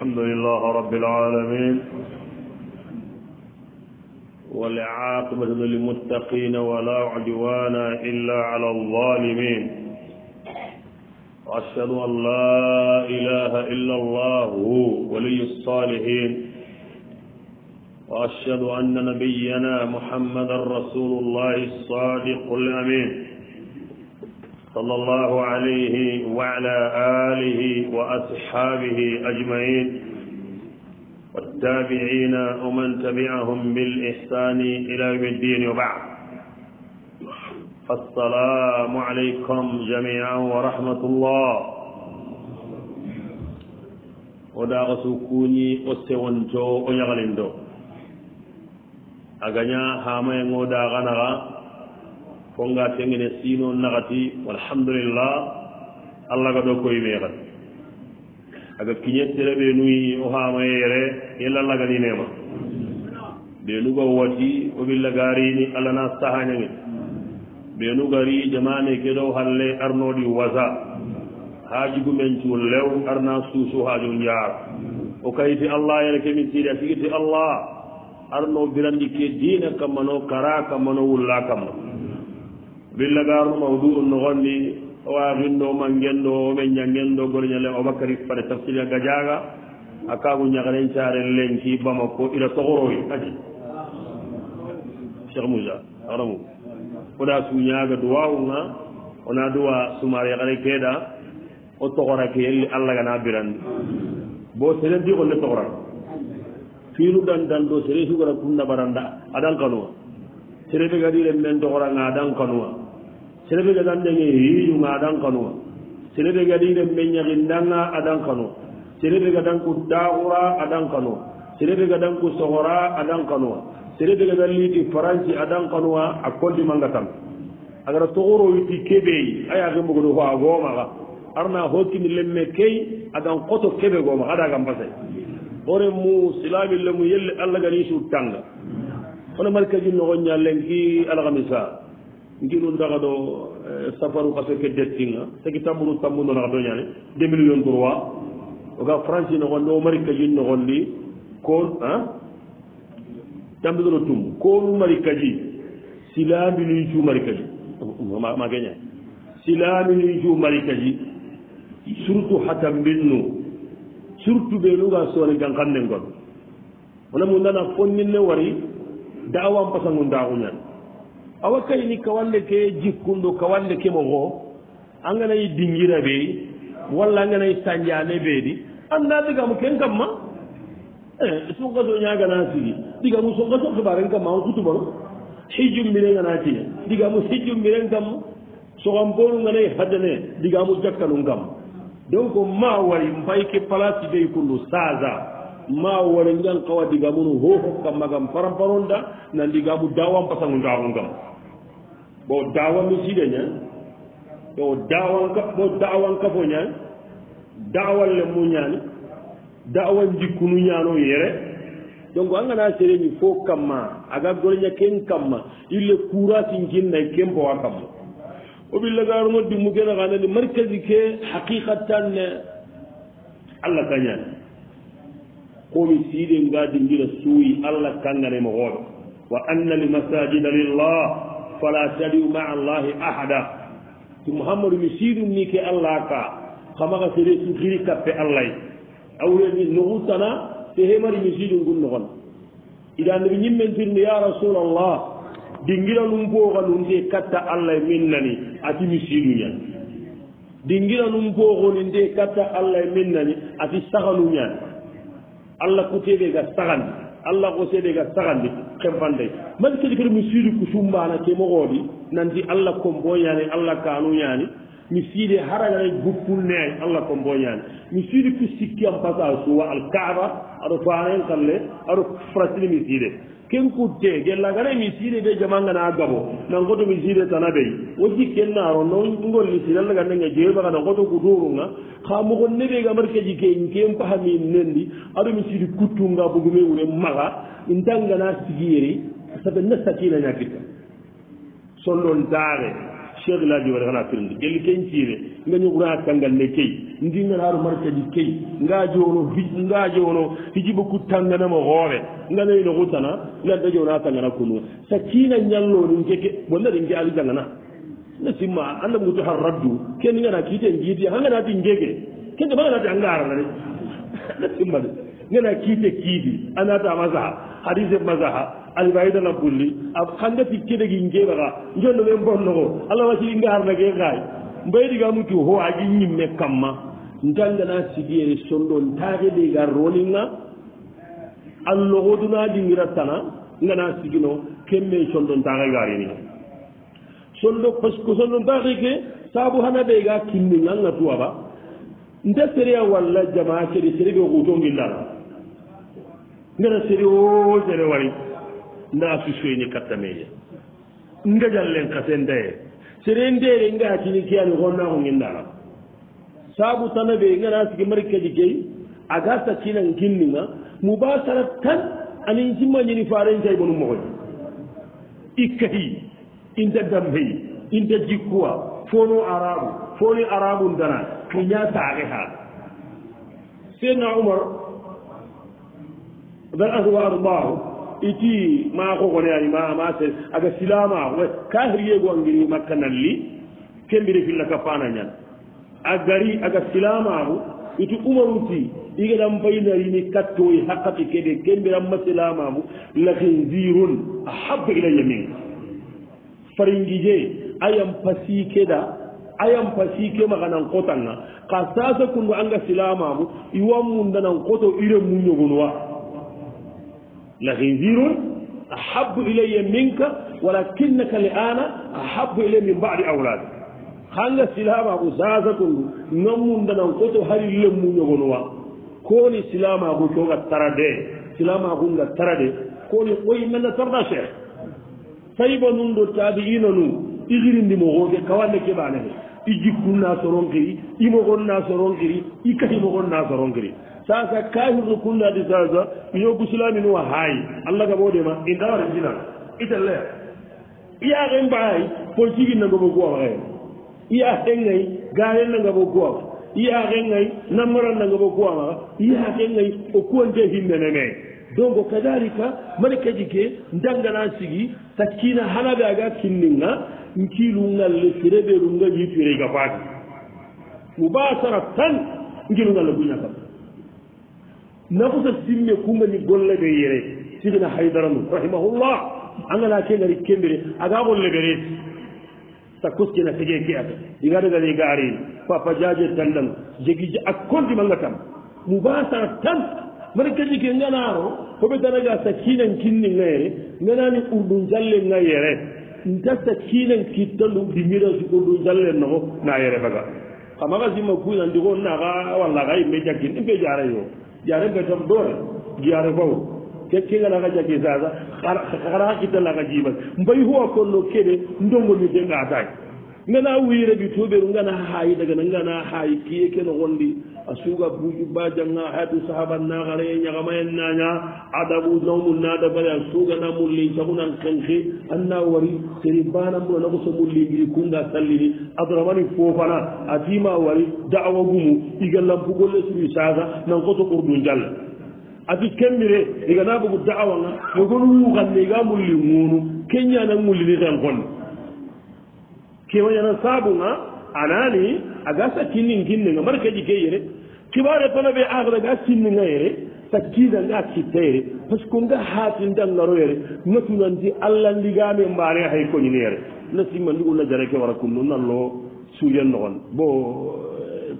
الحمد لله رب العالمين والعاقبة للمتقين ولا عدوان إلا على الظالمين وأشهد أن لا إله إلا الله هو ولي الصالحين وأشهد أن نبينا محمدا رسول الله الصادق الأمين صلى الله عليه وعلى آله وأصحابه أجمعين والتابعين ومن تبعهم بالإحسان إلى يوم الدين وبعد السلام عليكم جميعا ورحمة الله ودا غسوكوني وسيونتو ونغلندو أغنيا هامين ودا غنغا konga tengene siino naxati alhamdulillah allah ga ɗo koy meexat aga kiñe tere ɓee nuyi o haamaye yere yellallah ga ninema ɓeenuga wati o ɓilla gaarini allah na sahañange ɓeenugari jamane keɗo halle arnoɗi wasa haajigu men cuun lew arna suusu haaju njaar o kayti allah yene kemin siiɗi a sigiti allah arno birandi ke diina kammano kara kammano wulla kamma billa gaarno mawdouru nogon ni owaaxinno mangendo omen ñangendo goleñale obacary fane tafsila gadiaga a kaagu ñaxaren caren lenki bamako ila soxoroy adi cheikh mousa aramu oda suñaaga duwawuga ona duwa sumar yaxare keeɗa o toxorake li allahgana birandi bo sere di golle toxoran fiinu dantando sere sugara kunna baranda adan kanuwa sere ɓegadi ren men toxoranga adan kanuwa serebe ga gan denge yiyunga adan kanuwa serebe ga diren meñahindanga adan kanuwa serebe ga danku daxura adan kanuwa serebe ga danku sohora adan kanuwa serebe ga dan liti faransi adan kanuwa a koldimanga tan agara sohoro witi keɓeyi a yake mbogoni fo a gomaxa arna hokkini lemme key adan koto keɓe gomaxa ada gam pasay ore mu silamillemu yelle allah gani sut tanga fona markaji noxoñalenki alhamisa ngilu ndaxa ɗo eh, safaru parce que dettinga segi tammuru tammundo naxa doñane deux million droit oga france noxon ɗo marika ji noxon li ko tambigono tum konu marika ji silaminui cu marika ji ma geñay silaminui cu marika ji surtout xata mbinnu surtout ɓe nuga soone gangxan nengon onamu ndana fonnin ne wari da'awam pasangu ndaaxuñan awa kayni kawande ke jikkundu kawande ke mo goo anganayi dingira ɓeyi walla anganayi sañdiane ɓeedi anda digamu ken kam ma eh, sunka so ñagana sigi digamu sunka so xibaren kam ma kutubano hijjumbirengana tiya digamu hijjumbiren kam ma soxanponunganayi haddane digamu jakkanun kam donc ma wari mpay ke place ɓey kundu saza ma wari ngan kawa digamunu hoo fof kam ma kam paramparon da nan digamu dawan pasangu ndaarun kam bo dawa mi siɗe ña ɗo dawanka bo dawanka fo ña dawal le mo ñaani dawa jikkunu ñaano yere donc a ngana sereni fo kamma aga goleña ken kamma ille couratin kinnay ken bowa kamma o ɓillagarongo dimmu kene xanani markasi ke haqiqatan ne allah kañani komi siɗen ga dindira suuyi allah kangane mo xooɓe wa anna li masajida lillah فلا تدعوا مع الله احدا تو محمد مسيد نيك الله كا خما غسري سو غيري كاب الله او لي نوتنا تهمر مسيد نغون نغون اذا نبي نيمن تير يا رسول الله دي نغيل نمبو غون دي كاتا الله منني اتي مسيد نيا دي نغيل نمبو غون دي كاتا الله منني اتي ساغانو الله كوتيبي غا ساغانو allah o seedega sagandi kempanday man kadi kadi mi siidi ko sumbana kemogoodi nandi allah ko mboyani allah kanu yani mi siide haragara e guppulne ay allah ko mboyani mi siidi ko sikki am passage suwa alkaaba aɗo faren kalle aɗo frasini mi siide ken kutte gellangana misiri de jamangana a gabo nankoto misiri tana ɓey wo jikken naro no ngol misiri allagandenga jeɓaga nankoto kuturunga ha moko neɓe gamar kaji ken ken paha min nendi aɗo misiri kuttunga bogume wure maga intangana sigiyeri saɓe na sakina ñakirta sonɗon taare ceekh laaji wore xana firndi jelli keñ ciire nga ñugra kangal ne key ndi nga laaru markadi key ngaa joono fi ngaa joono fiji ba kut tanganama xoore nga nay no xutana lan da joona tangana kunu sa kiina ñalloonin keke bonna ringke ali jangana na simma anda mutu har rabdu ken nga naa kiite ngiiti hanga naati ngeeke kene ba nga naati anga arana de na simma de nga naa kiite kiiti anaata masaha hadise masaha alibayidana bulli a xangati kedegi ngeeraxa njonno me mbonnoxo allahmasiɗi ngaarna ge xaay mbayidiga mutu ho agi ñimme kam ma ntangana sigiyere sondo ntaxedega roninga alloxoduna dingira tana ngana sigino kemme sondo ntaxegarini sondo parce que sondo ntaxe ke saabu xana ɓega kinninga nga tuwaɓa nta sereya walla jama sere sere ɓe xuto ngillana ngana sere o sere warin naasu soyni kattameye ngajallen ka sen daye seren ndeere ngaatini keyani honnaako ngindaala saabu tana ɓe ngana sigi mari kadi gey aga sakkina nginniŋa mubasara tan anin jimmañini farencay bonu mogoy ikkahi inda dambey inda jikkuwa fonu arabu foni arabu dana ko ña taage ha seydna umar dal anwaru llahu iti maako koneani mamase aga silamaaxo ka hiryeego a ngiri makka nalli ke mbiri fillaka fananan a gari aga silamaaxu itu umaruti igeɗan baynarini kattoy e hakkaki kede ke mbiranma silamaaxu lahinzirun a habba ilaya min faringije ayan pasi keda ayan pasi ke maganan kotanga ka sasa kundo anga silamaaxu iwa mundanan koto ire muñogunuwa nahiirun ahabu ilayya minka walakinnaka li ana ahabu ilay min badi aulade hanga silamagu sasatundu nammundanan koto hari lemmu ñogonuwa koni silamagu coga tarade silamagu nga tarade koni oy menna tarda cheikh sayba nun do taabi inanu igirindimogoge kawanne keɓanehe i jikkun na soronkiri imogon na soronkiri i kahimogon na soronkiri taka kahirno kullaadi saasa miyo gusilami nuwa haayi allah ga moodema in dawara jinan ita leer iya ken baay politique nango bo guwaf xee iya xengay gaare nanga bo guwaf iya xengay namara nanga bo guwafaxa iya xengay o kuwante himmene me donc kadalika mane kejike ndangana sigi ta kiina xanaɓe aga kinninga nkiilu ngalle fireɓeelu ngañi firiga faati mu baasara tan ngilu ngalle guñakam nafusa simme kunga ni golle ɓe yere sigina haydaranu rahimahullah a ngana kengari kembere aga golle ɓere sa koskena tege ke ata igaɗagal igaarin papa diaje dandan jegi a konti manga tam mubasa tan mara kadi ke nganaro koɓe daraga sakinan kinni ngayere nganani urdu jalle ngayere nta sakinan kittalu dimirasi urdu jalle noo na yere baga xamaga simma kunandi go naxa walla xa yimme jaggin impe jaara yoo jarege tom doore giyaare faw kekkegalaka jakki sasa xara xa kitta laka jiibal mbay huwa kollo keɓe ndongo mi tengataake ngana wiire ɓi tuɓeru ngana haayi daga na ngana haayi kiye kene gondi a suga buju ba jangga hadu sahaba nagare ñagama en naña adabu nawmu nadabare a sugana mulli jagunan kenke anna wari seri bana muna nako so mulli ngiri kunga sallini abdrahmani fofana a tima wari dawa gumu iga lampu golle siri saga nankoso kurdu jalla ati kembire iga na bogu dawanga yogonu wuganne iga mulli ngunu kenñana mullini ken gonde kewañana saabunga anaani aga sa kinnin kinnenga mara kaƴi ke yere kibaare fana ɓe ahra ga sinninga yere sa kiidanga kitta yere par ce que nga haatindangaro yere natunandi allah ndigaame mbaane hay koñini yere na simma ndi ula jareke wara kunnu nallo suuien noxon bo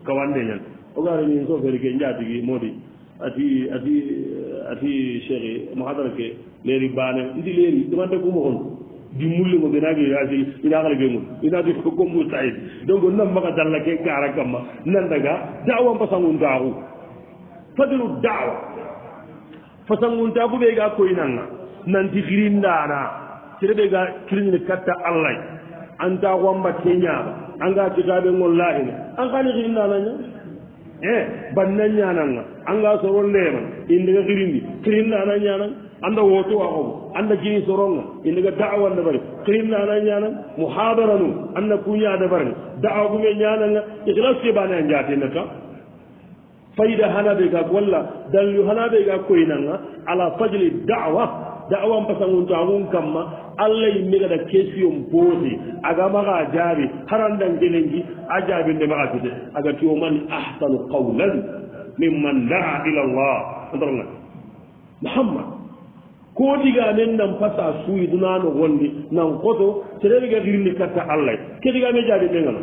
kawandeñan o gaare ni so feri ke njaatigi moodi ati ati ati cheikhi mo hadara ke leeri baane ndi leeri demandegumoxon di mullimo ɓe naaɓe yaaji inaakala ɓe mum inaaɓe kommu sayid donc nanmaga dalla ke gara kamma nandaga dawa mbasangu ndaaku fadiru dawa fasangu ndaaku ɓe ga koynanga nanti xirindana sere ɓe ga kirine katta allah an taaku amba ke ñaaɓa anga tigaɓe ngolla ene an kani xirindanaña e banna ñananga anga soro leman indega xirindi xirindana ñananga anda wootu wa xomu anda jini soronga i naga dawa ndabari xirim nana ñanan muhadara num anna kuñadabarani dawa gume ñananga ixlas ke bane a njatena ta fayda hanabe gaag walla dalu hanabe ga koynanga ala fajli dawa dawa mpasangunta axun kamma allah imegada question posé aga maxa jaabi harandan gelengi a jaabi nde maxa fide aga tiyo man ahsanu qawlan minman daa ila allah antaronga muhammad kootigaamen nan pasa suuyidunaano wonde nan koto terewi ga xirli katta allah kedigaame jaabi ɓe ngano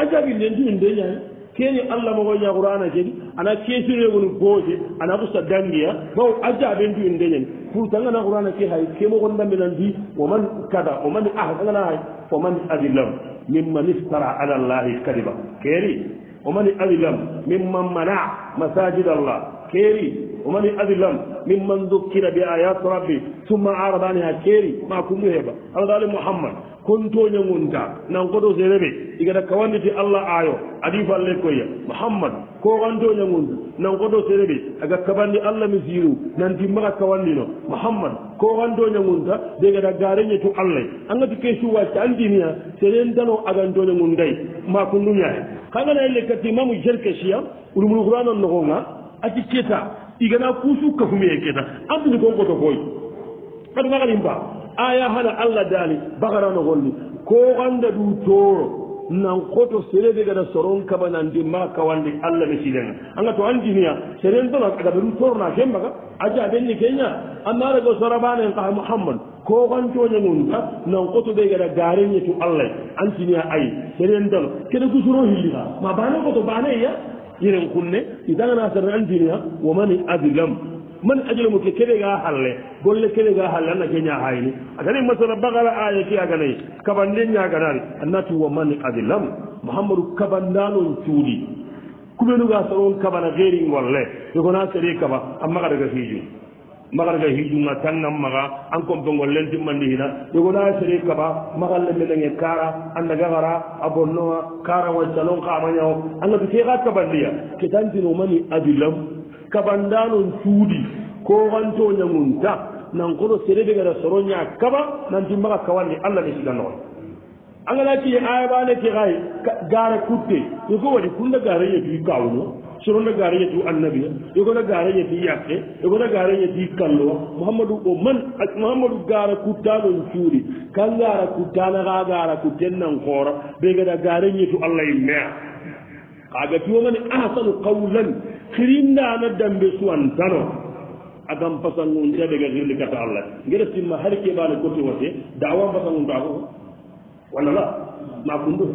a jaabi ndentimin deñaani keeni allah mogo ñaxuraana kedi ana keesireewoni booje ana ɓusta dandiya bawo a jaaben tumin deñani pourtant ngana xuraana ke hay ke mogon ndambenan di o man kada o mani ah ngana hay o man adilam minman iftara ala llahi kadiba keeni o mani adilam minman manaa masajid allah كيري ومن أذلم ممن ذكر بآيات ربي ثم أعرض عنها كيري ما كم يهبا هذا محمد konto ñagunta nan koto serebe igata kawanditi allah aayo adi falle koya muhammad ko kanto ñagunta nan koto serebe aga kabandi allah mi siiru nanti maga kawandino muhammad ko kanto ñagunta de gata gareñe tu allah angati kesu wacce andiniya serentano aganto ñagunday ma kunduñaye kangana elle ati e keta igana kuusu kafumeye keta andini konkoto koy adu ngakalim ba aya hana allah dali bagara nogolli koxanda du toro nan koto serebe gana soron kaba nandi ma kawandi allah be sidenga anga to andiniya seren tona agaberu toro na kembaga aja benni kenya amma araga sorabanen kaha muhammad koxantoñangonta nan koto ɓe gada gareñetu allah antiniya ayi serentano kene gusuro hilliga ma bane koto baneya yeren kunne i dangana sara andiniya womani adlam man ajlamu ke keɓe ga halle golle keɓe ga halle anna keña hayni atani masala bagara aye ke aganayi kabande ñaganari annati womani adlam mouhamadou kabandanon cuuɗi kuɓenuga soron kabana xeeri ngolle yogona sere kaba a maxa daga fiijum magarga hiduga tannan maga an kompengol lentimmandi hina yogona seri kaba magalle menange kara annagagara a bonnoa kara wancalon kamañao angati fexa kabandiya ke tantinomani adilam kabandanon cuudi koxantoñagunta nankono serebe gada soroña kaba nanti maga kawandi allah ne siga noxoy angana kiye ayabane ke xaye gare kutte yoko waɗi kunda gare yeduyi kawuno soro na gaara ñeti annabia yogo na gaara ñeti yaqe yogo na gaara ñeti kalluwa mouhamadou o man mouhamadou gaara kuttanon cuuɗi kan gaara kuttana xa gaara kutten nan xoora ɓegada gaara ñetu allah y e mea kaga tiwongani ahsanu qawlan xirindana dambe suwan tano agam pasangunta ɓega xirlikata allah ngeɗa simma har keɓane coti wote dawa pasangunta ko wallala ma kundo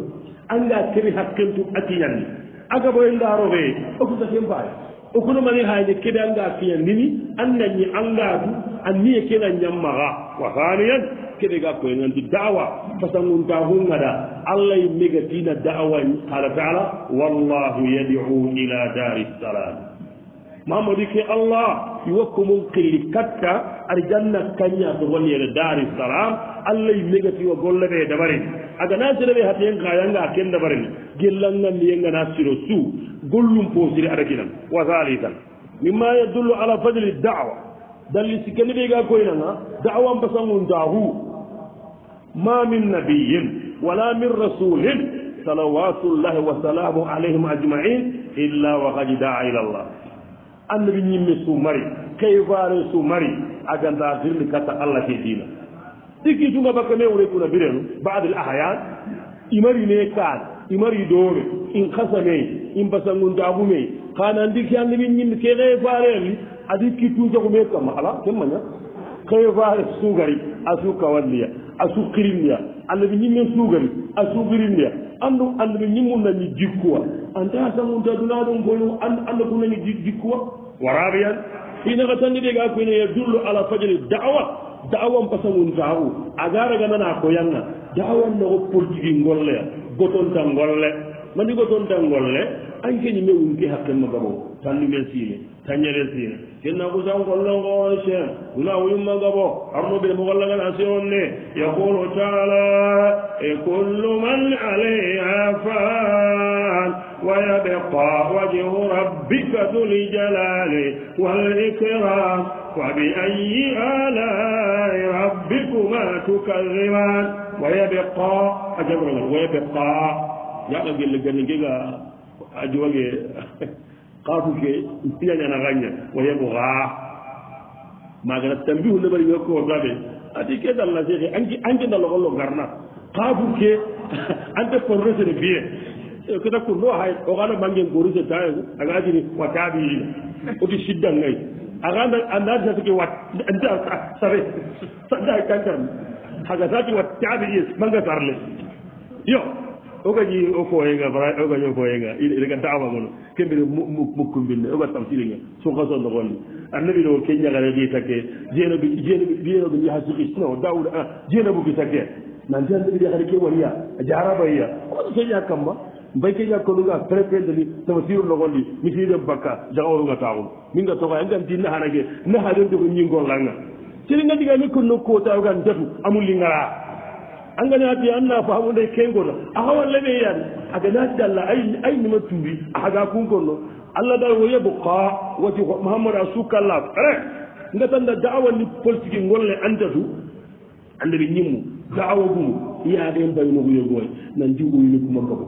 anga keri hakkentu a tiñanni agaboyen ndaaroɓe okuta ten mbaawi okuno mani haade keɗal ngaa kiña ndini annani anngaatu anniye keɗa ñammaxa wahaaniyan keɗe ga koye nganti dawa fasangunta hunngaɗa allah megatiina dawa qala taala wallahu yadiu ila dari salam mamadi ke allah iwokko mum qilli katta aɗa janna kaña to golyere dari salam allah megatiwa golle ɓe dabarin aganaa seɗa ɓe hatiyen kayannga ken dabarin gellangan yengana siro su gollum posiri ada ginan wa zalikan mimma yadullu ala fadli da'wa dalli sikani be ga koyna da'wa basangun dahu ma min nabiyyin wala min rasulin صلوات الله وسلامه عليهم أجمعين إلا وقد دعا إلى الله annabi ñimme suumari kay vaare suumari aganda dirli katta allah ke diina ɗikki tunga bakka me wure kuna birenu baadil ahayan imari ne kaan imari doore in kasaney in basangundaxumey xana ndiki andimi ñin ke xee faareerli adi ki tuujaxume kama ala ke maña xee faare suugari a su kawallia a su xirinlia andami ñimme suugari a su xirinlia andu andami ñimmun nañi jikkuwa anta sangunta dunaɗum boyo anda ku nañi jikkuwa waraɓeyan inaxa tandi ɗega kuine ye dullo ala fajale dawa da'awan pasamun ta'u agara gana na koyanga da'awan na ko politiki ngolle goton tan ngolle mani goton tan ngolle an kenyi me wunke hakken ma gabo tanni men sile tanyere sile kenna ko san ngolle ko she una wuyum ma gabo arno be mogalla gana asionne yaqulu ta'ala e kullu man 'alayha fan ويبقى وجه ربك ذو الجلال والإكرام فبأي آلام tukaziman wayabiqa a jaɓrogal wayabiqa yaɓa gelle gane ngega a jowange kaafu ke siñañana ranña wayabga maga nat tambihu ndeɓari wekkoogaɓe adi ke dalla seke anki anki ndalogollo ngarna kaafu ke ande pour resere bien ke dakku no hay oxaana mangen ko resertaa agaatini wa taabiina oti siddan ngay a randan a naadita soki wat nda sare sada cancarn haga sati wat caabi ye manga sarle yo o gaji o foyenga fra o gaji o foyenga ga daama gono kembire mukkumbinne oga tamsiringa suka so nogonni annabi no ke ñagare ɗi takke jeenoɓe jeenoɓe ɓiyenoɓe jaha suki no dawoud a jeenoɓe ki takke nanti annabi ɗi hade ke waniya a jaraba yiya ko so soñaa kamma mbaykeja konuga traité deni sama siru nogondi mi siide bakka jagawoyuga taxun min nga toxoy anganti naxarage naxarede ko ñingolanga seni nga ndiga mi konno kootayoga ndatu amu lingara anganati anna faamonde kengono axawa leɓeyan aganati dalla ay ay nima tuuri axaga kun konno allah dal wo yebu qa wati mahamado a sukkalla fre ngatanda daawani politique ngolle andatu andeɓe ñimmu daawagumu yaaɗen mbaynogu yogoy nan jiɓoyini kuma gabo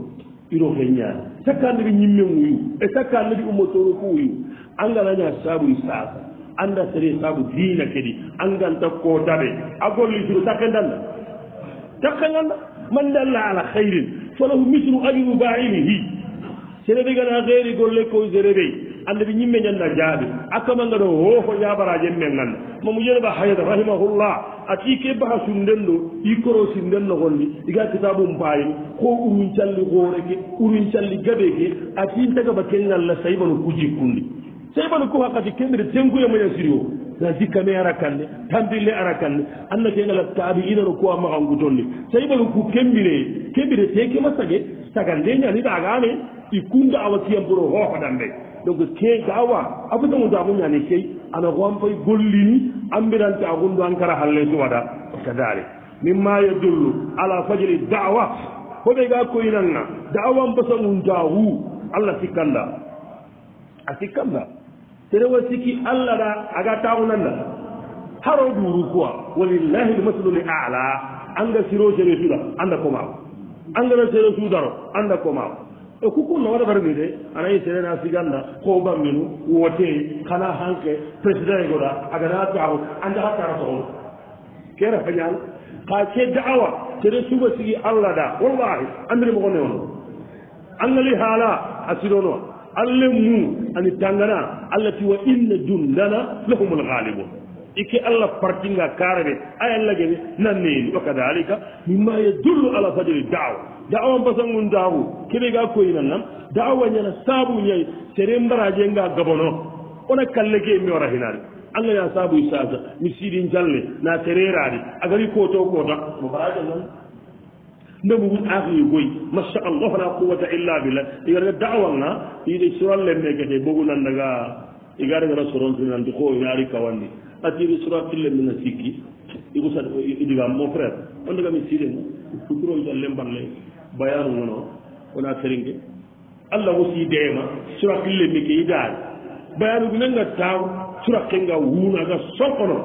iro he ñaan sakkaandiri ñimme muyu e sakkaandiri ummatoro fo uyu angalaña saabuni saasa annda sere saabu diina kadi annganta ko daɓe a gollitiro takkendanna takkenganna man dalla ala hayrin falahu misru ajru baaini hi serebe gana heeri golle ko serebey anndaɓe ñimme ñannda jaaɓe akkamal ngaɗo hoho jaabaraje men nganda mamo yeneba hayata rahimahullah ati i ke baxasu nden no i korosi nden no xolli i ga kitabu mbaayin ko urun calli xooreke urun calli gabeke ati ntagaba ke ngalla saibanu ku jikkundi saibanu ku xaqati kendere tenguyamaña siri o na jikkame ara kanne tambille ara kanne anna ke ngala taabi inano kuwa maxangutonni saibanu ku kembire kembire te kema sage sagandeñani ɗaagaane i kunda awa kiyam pour o xooxodan ɓe donc kee dawa abutamudu agum yani key ana xoanpay gollini ambirante agundu ankara halle suwada kadali mimma yadullu ala fajili dawa foɓe ga koyinanga dawa mbasagundaxu allah sikkanda a sikkanda terewa siki allah da aga taxunanda haro duru quoi walillahi lmaslu li ala anga siro sere suda anda comaw angana sere sudaro anda comaw e ku kun nowata barmi de anayi serena siganda kobammenu wote kana hanke président goɗa agana daawa anda hattara sohono kera fañal ka ke daawa tere suba sigi allah da wallahi andiri mogo newono angali haala a sidonoa allah mu ani tangana allah tiwa inna jundana lahumul ghalibun ike allah partinga karade aya lagene nanneni wa kadalika mimma yadullu ala fadili dawa dawa basangun dawu keɓega koyinan nan dawa ñana saabu ñayi sere mbaraje nga gabono ona kalleke mi wara hinade allah ya saabu sasa mi siidi jalle na sereradi agari koto kota mo mbarajo nan ndemugu akii goyi masha allah fana quwata illa billa igarga dawa nga iɗe soran lemme kete bogu nan daga igarga ra soron tinanti ko inaari kawandi asiri sura fille mina sikki igusa idigam mo frère ondegami siidemo futurol jalle mballe bayanu ngono wona seringue allah wosi deema sura fille mike idaari bayanu minanga taw sura kenga wuunaga sonkono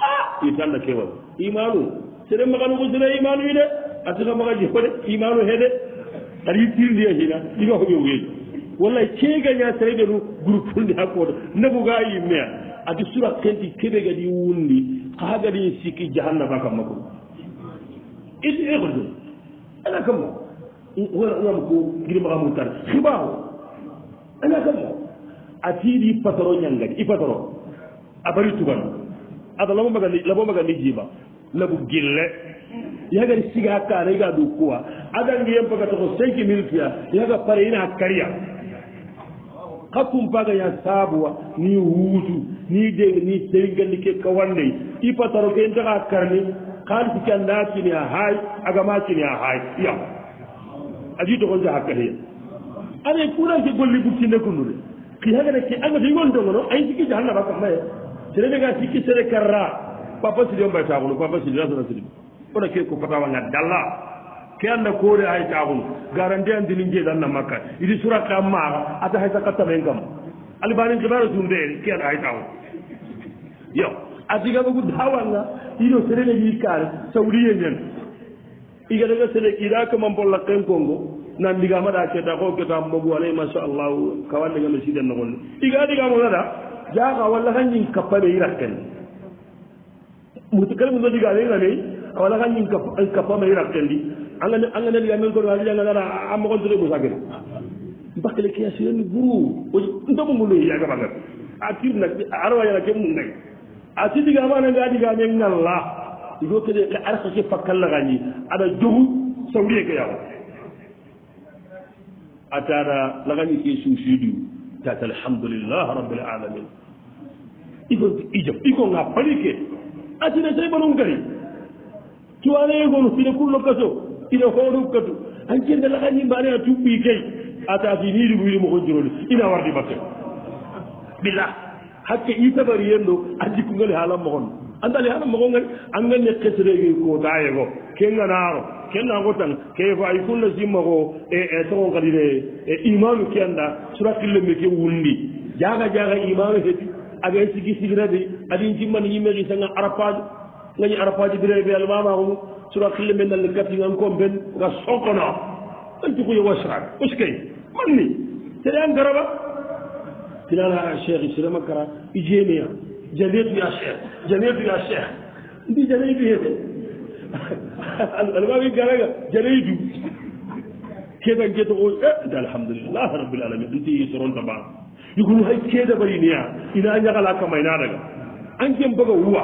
a itanna kewal imanu sere magano gosire imanu yide atiga maga jeho de imanu heede aɗa yittirindiya hina ɗiga hoƴo weeji wallay ceegaña sereɓe nu groupe fulndi hakkoto nagugaa yimmea adi sura kenti kebe gadi wundi kaa gadi sikki jahannaba kamma ko isi ekol ɗum ana kamma wonaam ko girimaxamun tar xibaaro ana kamma a tiiɗi pataro ñangadi i pataro a bari tugan ata lamomagandi lamomagandi jiiba labu gille yagadi siga kaana yiga du kuwa agangiyen paga toxo cinq minute ya yaga pare ina kariya xa tumpaga ya saabuwa ni wuutu ni deg ni sey gandi ke ka wandey i pataro ke ndaxa karni xaalisi ke a naa cini a haay aga maa cini a haay yam adi doxo jaxa kahiya ane kuraake golli bugtine kunu de xi hagana ke angata yon dongono a sikki jaxa naɓa kamaye sere nega sikki sere karra papa sidi o mbay taxunu papa sidi rasana sidi ona ke ko fatawanga dalla ke anda koore ay taxunu garandi andini njeedan na makka idi suraka maaxa ata hay saqa tamen kam alibanin xibaara sum ndeeri ke anda hay taxunu yo asiga ɓogu dawanga ino serene yi kaare sawriye ñen igadaga sene iraka ma mbolla ken kongo nan ndigamaɗa ketta ko keta mbogu alay masha allahu kawandegame siden nogonni iga adigamoɗaɗa jaaka walla ka ñing kappaɓe irak ken musikal muso diga ale ngane awala ka ñing kappaɓe eh, irak ken di angane diga men kono aiangaara a mogontere musakene mbakele ke a sirani bru ntomugulu yagabagat a tirnak arawayana ke mum nag a sidigamanaga digame ngalla iyo kede ke arxa ke fakkallaxañi aɗa jogu sawrie ke yaxo a tara laxañi ke suusidiu tata alhamdulillah rabilalamin iko ijam ikonga pali ke a tine sayɓanum gari cuwaneegonu fine kul lokaso ine hoonu katu ankerde laxañi mbane a tuɓɓi key a tasi niiri buyiri moxo jirodi ina warɗi bakke billah hakke i tabari yendo a jikkungali haala mogon andali haala mogon gay angalne kesrege kotayego kenganaro kennago tan keyefo ay kunna simmago e e togo kadine e imame ke anda surakille meke wundi jaaga jaaga imame heddi agay e sigi sigirade adin jimmani yimme ki sanga arapaje gañi arapaje birebe almamago mu surakille me nalle gartingan komben nga sokono an cukuye wasrak uskay manni sede an garaba كلانا شيخ يسلم كرا إجينيا جنيت يا شيخ جنيت يا شيخ دي جنيت هذا الباب يقرأ جنيت كذا كذا إيه، ده الحمد لله رب العالمين أنت يسرون طبعا يقولوا هاي كذا برينيا إلى أن يقال ما ينادى أنت بقى هو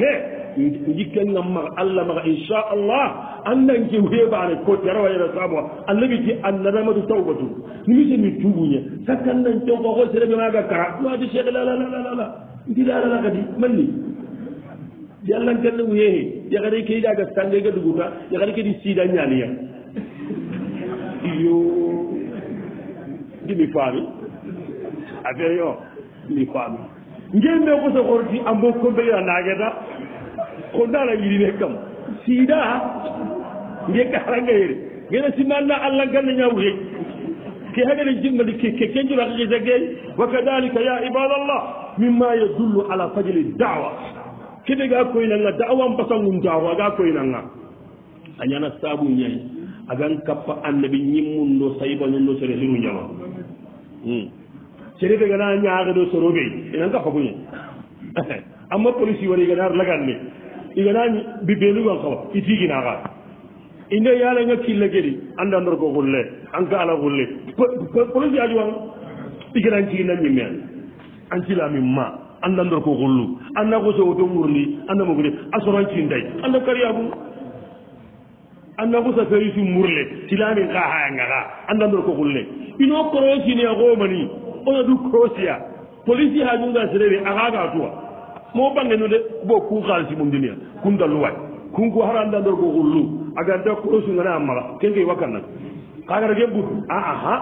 هي يجيك لما الله إن شاء الله annanki heɓaane ko terawayene saabo allahgi ti annanamatu tawbatu nimise mi tuɓuñe sakkannan cowko ko sereɓe maga kara mi wadi cheikh lalalalala ndi lalala kadi manni di allahnkanna mu yehe yakada keyɗaga sangega duguta yakada kadi siida ñaaniya iyo ndi mi faami affaire o mi faami ngeme ko sokorti a mbokkombeyra nageta ko ndaala yirine kam siida ndeka harangayere gena simanna allah ganna ñawre ke hagene jinmadi kekencuratakisa gey wa kadalika ya ibadallah mimma yadullu ala fajili dawa kede ga koynanga dawan basangum dawa ga koynanga a ñana sabu ñayi agan kappa annabi ñimmundo sayibañundo sore liru ñama serefe hmm. gana ñaaxe do soro ɓey inan e kappakuñe amma polici wari ganar lagan ne iganañ bibelugan xawa itiginaxaa inde yaalenga killa geɗi andandorgo hulle anka ala hulle polisi aji wan igana ncigina ñimme an ancilamin ma andandorko hullu anna kose oto wurndi anda mogude a sorancindayi anda kariyabum anna kosa ferisi murle silamin ka hayanga ka andandorko hulle ino krosini axomani ona du krosia polisi hajunga sereri axagatuwa mo bangenude bo kun xalisi mundinia kun daluway kun ko hara andandorko hullu agarde kurosu ngana a maga ken kei wakkan nag kagara ge but aaha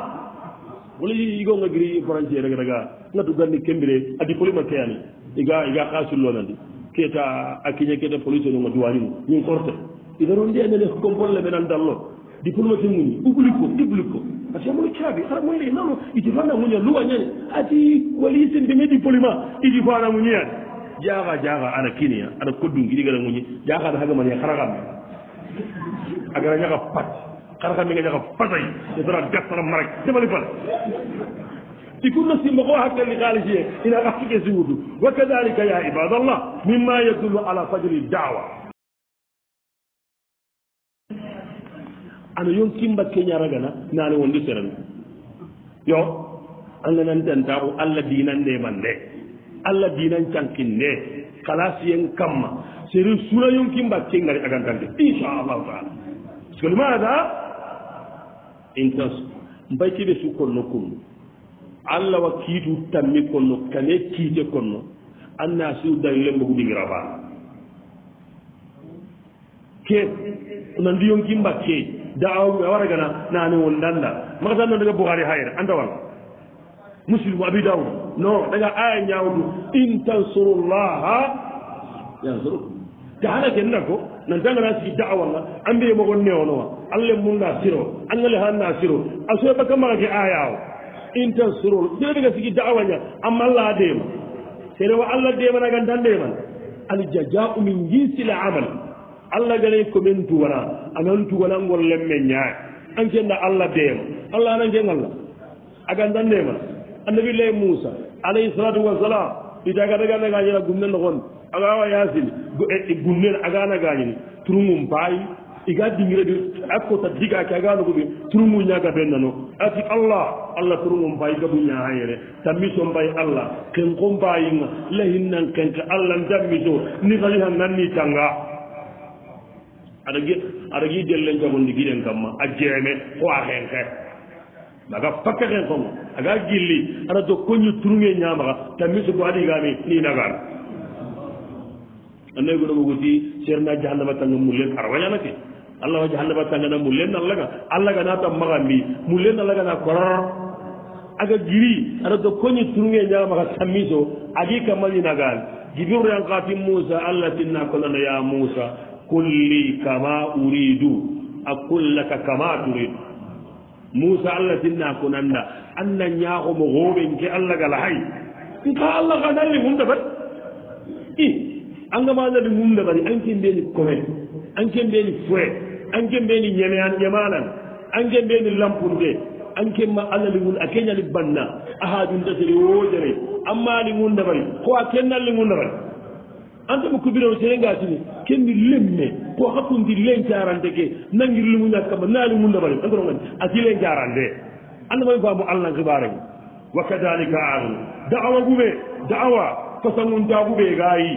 wala yigo nga giri frantier rek raga nga dugandi kembire a dipolima keyani iga iga xasulonandi keta a kiñe kete police nonga duwanin ñin korte idano ndenene compolle menan dallo diplomati muñi ublikko ublikko parce que moy caabi ara moy ley nano idi fana muñe luwañani ati wali sen deme dipolima idi fana muñiyan jaaxa jaaxa ara kinia ara koddungi ɗigara muñi jaaxa ta hagamane xaraxame ak a ñaxa fat xarxa mi nga ñaxa fatay ñu dara gàttaram ma rek demali fale ci ku na si ma ko waxak li xaalis yee ina afrique si wudd wa kadalika yaa ibad allah min ma yadullu ala fajri daawa ana yon kimba keña ragana naane won di seran yo an nga nan dentaaɓu allah diinan nde man nde allah diinan cankin nde kalasiyen kamma seri surayonkimba kengari agantande inchallahu taala parce que limada intas mbaykiɓe sukkon nokkum allah wa kiitu tammi konno kane kiite konno anna siu dañ lembogu ɗigira ba ke na ndiyonkimba ke da awa awaragana nane won danda maga tannodaga bouhari hayre antawana muslimu abi dawud non daga aya ñawdu in tansurullaha yansurukum te hana genna ko nantangana sigi dawalla ambiye mogon newonowa allah munna siro angale hanna siro a soya e bakka maga ke ayawo in tansurul jere daga sigi dawaña amma allah a deema serewa allah deemana gantan deeman al jajau min jinsila amal allah gane komin tuwana anan tuwanangol lemme ñaa an kenna allah deema allah anan ken allah a gantan deemana annabi lahi moussa alayhi salatu wasalam ita gata gana gañina gumne noxon agawa yasine e, gumnen agana gañini turugum baayi iga dingiredi a kota diga ke aganogoɓe turugu ñaga ben nano ati allah allah turugum baayi gabu ñahayere ta miso mbay allah kenko mbayinga lahin nan kenke allah ndam miso ni xaliha nanni tanga aɗagi aɗagi delle jagondigiɗen kamma a jeeme ko a xenke maga pakkaxen xomo aga gilli ana do koñu turuge ñamaxa tamisu goadigami ni nagar annoy goɗo ɓogoti serna jahannaba tanga mullen arwayana ke allah wa jahannaba tangana mullen nallaga allahga nata maxa mbi mullen nallaga na korar aga giri ana do koñu turuge ñamaxa tamiso agi kamani nagar jibirrean xati moussa allah tinna kolana ya moussa kulli kama uridu a kullaka kama turidu musa allah tinna ko nanda anna ñaaho mo hooɓen ke allah gala hay si ka allah ka nalli hunde bari i angamanadi hunde bari anke mbeni kome anke mbeni foe anke mbeni ñeme an ƴemalan anke mbeni lampunde anke ma allah li mun a keñali banna a haajum tasiri woojere amma li munde bari ko a kennal li munde bari anta mo kubiro no seregatini kendi lemme ko hakkundi len jarande ke nangir lumuñat kamma naali mundabale ankoro gani asi len jarande anda mami faamo allah hibaragu wa kadalika aanu da'awa ɓuɓe da'awa fasangun jaɓuɓe gayi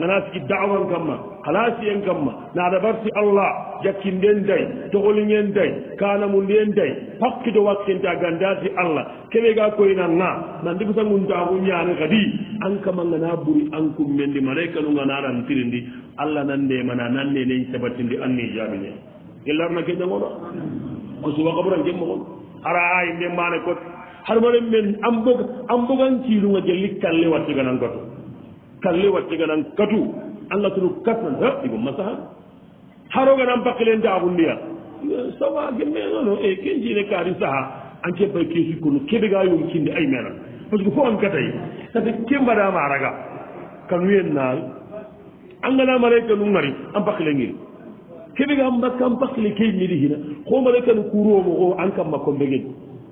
nana sigi dawan kamma halasiyen kamma naɗa barsi allah jakki nden day togoli nen day kanamu nden day hakkido wakkente a gandati allah kewe ga koye nan na nandi ko sagumtaku ñani kadi an kama gana ɓuri an kummendi malaika nu gana rantiri ndi allah nande mana nande nen sabatindi anni jamine gellarna keƴangoɗo o suwa kaburan kemmogon ara ayi nden mane kot har wara men an boga an bogan cirunga jelli kalle wattiganan goto kalle wa ceganan katu allah tunu katan ha igo masaha harogaran bakilen dagundiya sawa gemme ono e eh, ken jine kaari saha anke bay kesu kono kebega yom kinde ay menan par ce que fo an katay sabi ke mbaɗama araga kanuyen naal angana malayka nu ngari an bakile ngiri kebega mbakka an bakile ke ñiɗi hina ko malayka nu kuuroo mo o an kam makko mbegen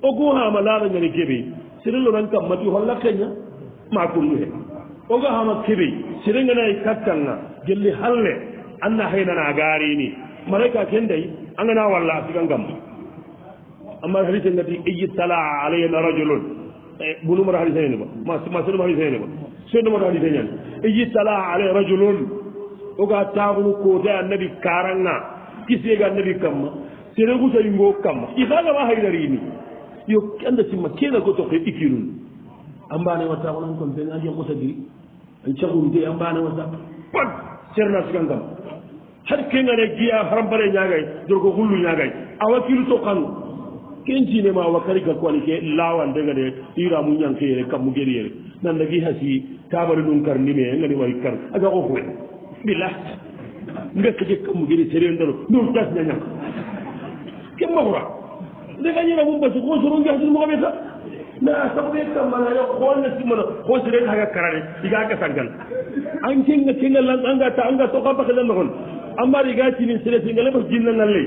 o gohama laara ñani kebe sereloon an kam mati holla keña ma kurlu he oga hama keɓe serenganayi kakkalna gelli halle anna haynana a gaarini malaika kenday angana walla a siga ngam amma halise ngati eyi talaa alayhna rajulun e bunumata halisaniba ma ma senuma halisaniba senumata halisañan eyi talaa alay rajulun oga taaxunu kootay annabi karanga kisega annabi kamma serengusayingo kamma ixagama haydarini yo anda simma kena ko toqe ikinun ambanewa taxunan kon fe ngajonqosa giri en cahuri de en mbaana wasa bat ceerna sigan gam hay kengane giya harambare ñaagay dorko hullu ñaagay awa kilu to kanu kentinema awa kari ga kowani ke lawan dengade iramu ñanke yere kammu geri yere nandagi hasi tabare ɗum kar ndime ngani wawi kar aga o fowe bisimillah gakkake kammu geri sérien ndano ndur tasna ñang kem mafora ndegañina mum basi ko soro jahdin mogoɓe ta na sabuɓe kammana yo holna simana hosiren haga karane iga gasangal an kenga kenga lan anga ta anga toka baka lan nakon amma riga tini sere singa lebas jinna nalle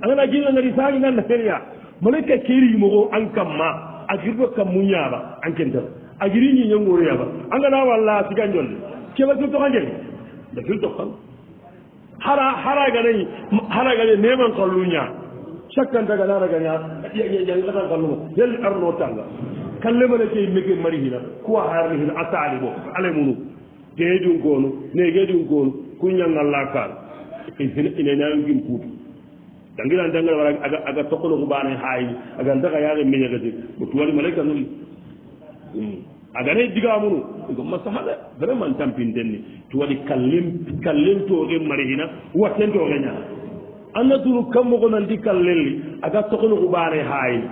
angana jinna nari sangi nan na seriya malaika keri mogo an kamma agirdo kam munyaba an kenta agiri ni nyangoro yaba angana walla tiga njolle keba to toka ngel da fil to kan hara hara gane hara gane neman kallunya chacun daga nara gañaaaa gallumo yalli arno tanga kalle mana key megen mari hina kuwa harni hina a saali bo alemunu geedun goonu ne geedun goonu ku ñangalla kaal inenaangim kuutu dangiran dangal wara aga tokoloku ɓaane haayi aga ndaka yaake meñagasi bo tuwali malaika nuyi agane digamunu gomma sahala vraiment tampinten ni tuwaɗi kallen kallen tooge mari hina watten tooge ñaa anaduru kammogonandi kallelli aga togono xuɓaane haayin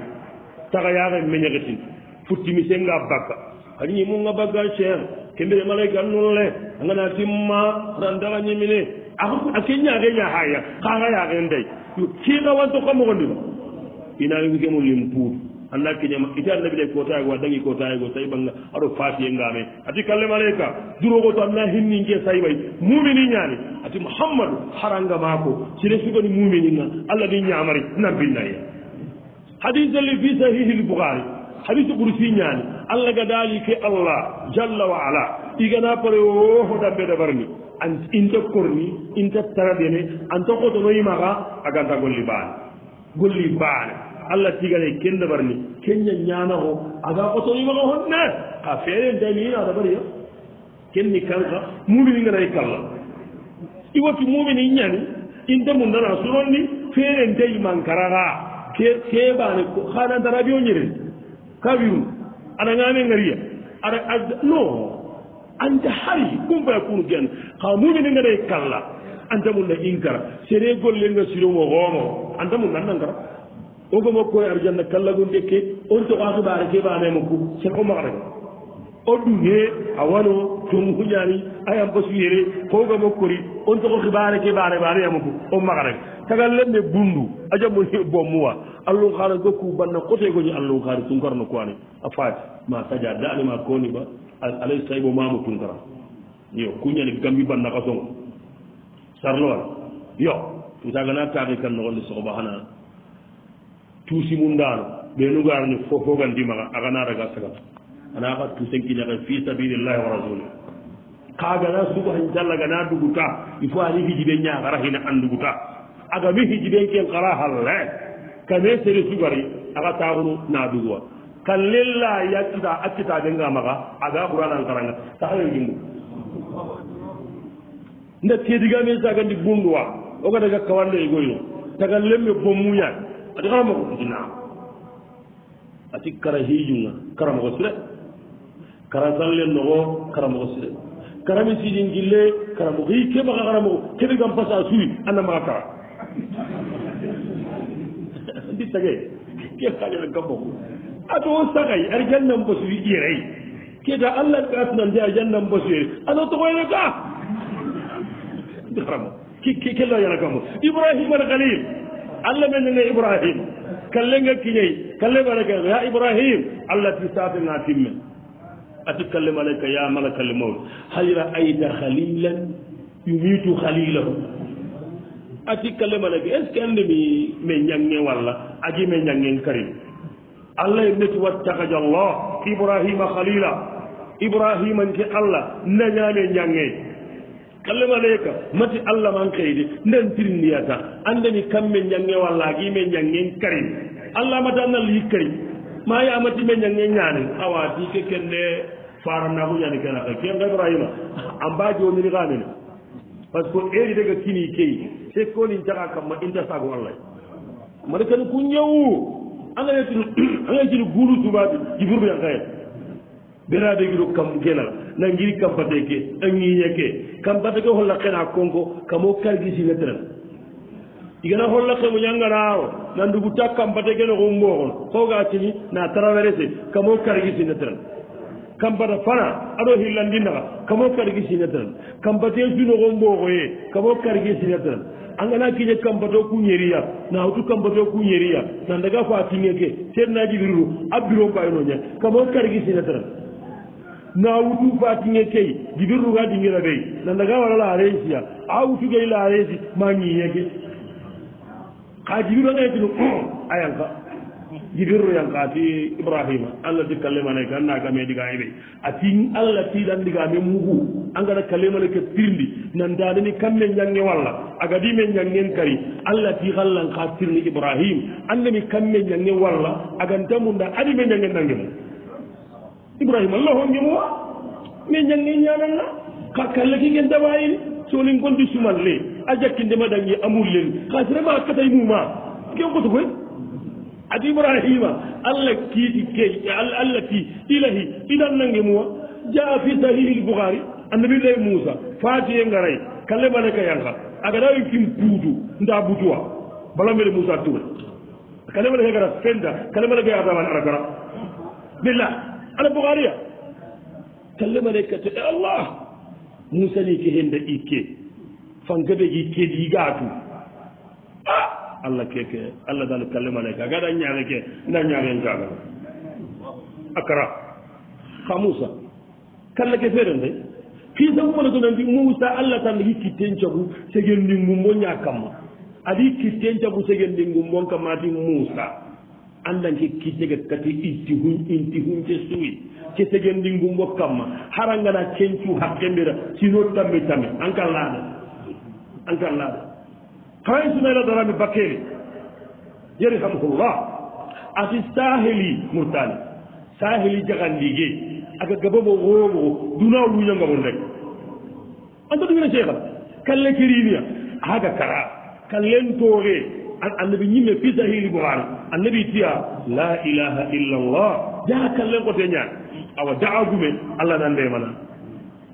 taxayaxe meñaxetin futtimi senga bagga aɗiñimunga bagga cheikh kembire malay gannun le angana timma randaxa ñimine ake ñaxeña haya xaxayaxen day ki xawantu kammogondima inaxi wigemu lim puudu anna kiñama ite annabi ɗe kotayago a dangi kotayago sayiɓanga aɗo faasiye ngaame ati kallemaleyka durogo to anna hinninje sayiɓay mumini ñaani ati mouhammadou haranga maako sine sugani muminiga allah ni ñamari nambinnaya hadise li fi sahihi l bouhari hadise ɓursi ñaani allah gadaali ke allah jalla wa ala igana pare oho dabbe dabarni inta korni inta taradene anta xotonoyimaxa aganta golli baane golli baane allah tigane kennda barni kenña ñaanaho aga otoyimaga hon naat ka feere dañii aɗa bariya kenni kanka mumini ngana e kalla iwattu mumini ñani in damu dana suronni feere dayi mankarara keɓaane haɗantaraɓi o ñeren kawiru aɗa ngaame ngariya aɗa adda non anta hari ɗum baya kunu gen ka mumini ngana e kalla andamunna inkara sere gollenga siromo hoomo andamu nannangara ogo mo kore arjanna kallagon ɗekke on toko hakibare ke banema ku seko maxre o ɗuge a wano jomu huñani ayan basu yere koga mokkori on toko xibare ke bane baneyamaku o maxre tagal lenne bundu a jamo he bommuwa allum xaara go ku banna kote goñi allum xaari tunkara no kuwani a faat ma sadia danima koni ba alay sayibo mamo tunkara yo kuñani gambi banna xa songo sarnowal yo tutaga na taxi kan noxonde soxoba xana tuusi mu ndaano ɓeenu gaarni fofogan dimaxa a ganaaraga sagat ana xa tuusen kinaxe fi sabilillahi wa rasuli kaagana sugo xan jallagana duguta il faut ani hijibe ñaaxara xina an duguta agami hijiben ken xara xalle kame seri sugari axa taaxunu naa duguwa kan lella ya kita a kitaabenga maxa aga xuran an xaranga taxaye jimbu nda teediga me sagandi bunduwa oga daga kawanda egoyo taga lemme bomuñaag adi haramako kutinaa ati kara hiijunga karamogo sire kara sanlen nogo karamogo sire karami siidin gille karamogo hii ke maga karamogo kebe gam pas a suwi anna maga kara ndi tage ke kaƴere gammogo ato o sagay ar jannan basuwi iyerey keta allah gasna nde a jannan basuyere ano togoyene ka ndi haramo ke kella yana gammo ibrahima al galil allah menene ibrahima kallengel kiñayi kalle malaka ya ibrahim allah ti satina timmen ati kalle malaka ya malakal mawd hal raayta halilan yumitu halilahu ati kalle malaka est ce que ande mi me ñange walla aji me ñangen karim allah e neti wattakajallah ibrahima halila ibrahima nke allah nañane ñangeyi kalle malayika mati allah man kayidi nden tirindiyata andeni kamme ñange wallaki ime ñangen karin allah mata nal yi kari ma yamati ime ñange ñanin awa tike kende faranaku ñani kenaka ken ibrahima an ba jonini kanene par ce que eri daga kini key se konin caga kamma inta sago allah mata kani ku ñewu angaye tini angaye tini guulu tubaɓe jibirbe yan kayen beraadegiro kam gelal nangiri kam batake a ñiñake kam batake holla kena konko kamo kalgisi wetran igana holla kemo ñangaraawo nandugutta kam batake no xon ngooxon xooga cini na traverse kamo kargisi netran kam bata fana aɗo hillandi naxa kamo kargisi netran kam bate suno xo mbooxoye kamo kargisi netran a ngana kiñe kam bato ku ñeriya na xutu kam bato ku ñeriya nandaga fa tingeke seednaa jibiru a biro mbayno ña kamo kargisi netran nawutu fatiŋe key jibirruga ɗiŋira ɓey nandaga wara laresiya a wutugey laresi ma ŋiyeke ka jibiru ŋetinu a yanka jibirru yankati ibrahima allah ti kallemaneke an nagame ɗigami ɓey ati allah tiɗan ɗigame mugu angata kallemaneke sirndi nandaɗani kamme ñangge walla agadime ñangen kari allah ti hallanka sirni ibrahim annemi kamme ñangge walla agantamunda aɗime ñangge nangemu ibrahima lahoo ngemo wa min jangi ñaananga ka kallaki gen dawayin soolin gondi suman le a jakkindemaɗangi amullel kasirema katay muma ken koto koy ad ibrahima allah kiiti key allah ki ilahi inannange muwa jaa fi dalilil bouhari annabillahi moussa fatiye ngaray kallebaleka yanka agaɗawi kim puutu nda butuwa balamele moussa tuure kalebaleka gara fenda kalebaleka yatamani aragara billah albouhariya kallemanekkate e allah musanike hennde ikke fangede ikkeji yigaatu a allah keke allah dano kallemaneke a gaɗa ñaageke nda ñaagen gaga akara ha moussa kallake feere nde kiisamumana gonandi moussa allah tan hikkitten cagu segel ndingu mbo ñaag kamma aɗa hikkitten cagu segel ndingu mbon kammaati moussa andanke ki segetkati itti hun inti hunce suuyi ke segendingungo kamma harangana kencu hakke mbira sino tammi tammi enkan laaɗa enkan laaɗa kaway sunayla darami bakkeri yarhamuhullah asi sahili murtani sahili jagandige aga gabobo wowo duna wuñangamon rek anta ɗumina cheikha kalle kiriniya haga kara kallentore annabi ne fi sahili buhari annabi tiya la ilaha illa allah jaha ko te ñaan awa daagume allah nan mala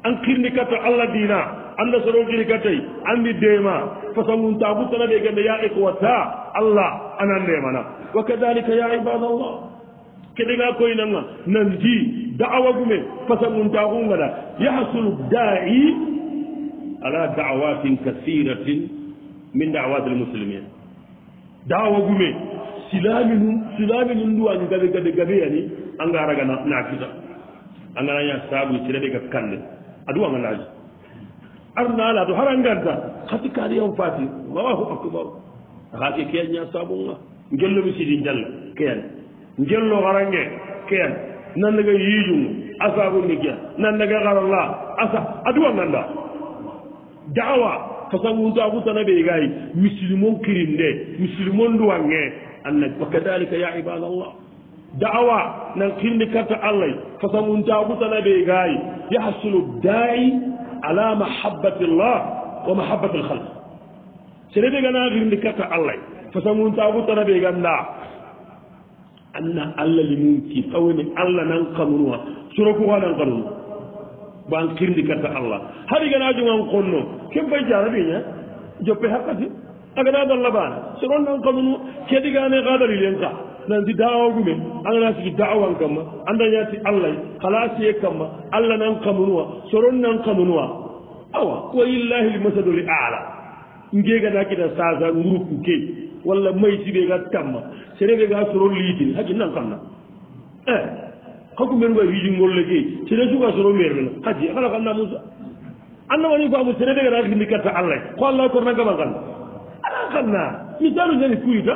an kirni kata allah dina anda soron kiri kattay andi ta bu tabutana be ganda ya ikwata allah anan mala wa kadhalika ya ibadallah keɗega koynanga nanti da'awa gume fasangun ya yahsulu da'i ala da'awatin kasiratin min da'awatil muslimin daawagume silaami nun silaami nun nduwa gade gade gadeyani a nga raga naakita a nganaña saabuye sirade ga kande aduwa nga laaji ar naalaato hara nganta hati kaadiyam faati allahu akbar haake keyaña saabunga ngello mi sidi njalla keyan ngello harange keyan nandaga yiijungo a saabunni keyan nandaga harala asa aduwa nganda daawa fasawuntu agutana ɓeegayi misilimon kirinde misilimon duwange annai wa kadalika ya ibadallah dawa nan kirinde karta allahy fasawuntu agutana ɓeegayi yahsulu dai ala mahabati llah wa mahabati lhalk sere ɓegana kirinde karta allahy fasawuntu agutana ɓeganda anna allah limunki awoni allah nan kanunuwa sorokuga nan kanunuwa ban kirndi kata allah hari ganaaju ngan konno ken bay jaraɓiña joppe hakkati a ganaaɗo allah baana soɗon nan kamunu keɗigaane ka dalilen ka nanti daawagumen a gana sigi daawan kamma andañati allah halasiye kamma allah nan kamunuwa soɗon nan kamunuwa awa wallillahi lmasadoli ala ngegana kita sasa nguruku ke walla maysiɓe ga tamma sereɓe ga soron liitin hakki nan kamna eh. kanko mbiyen waawi wiidi ngol legge sene suka sono mbiyenmen haji hala ko annamu sa annama ni ko amu sene ndega raki ndikerta allah ko allah kor nagama kan ala kanna misalu ñani kuyita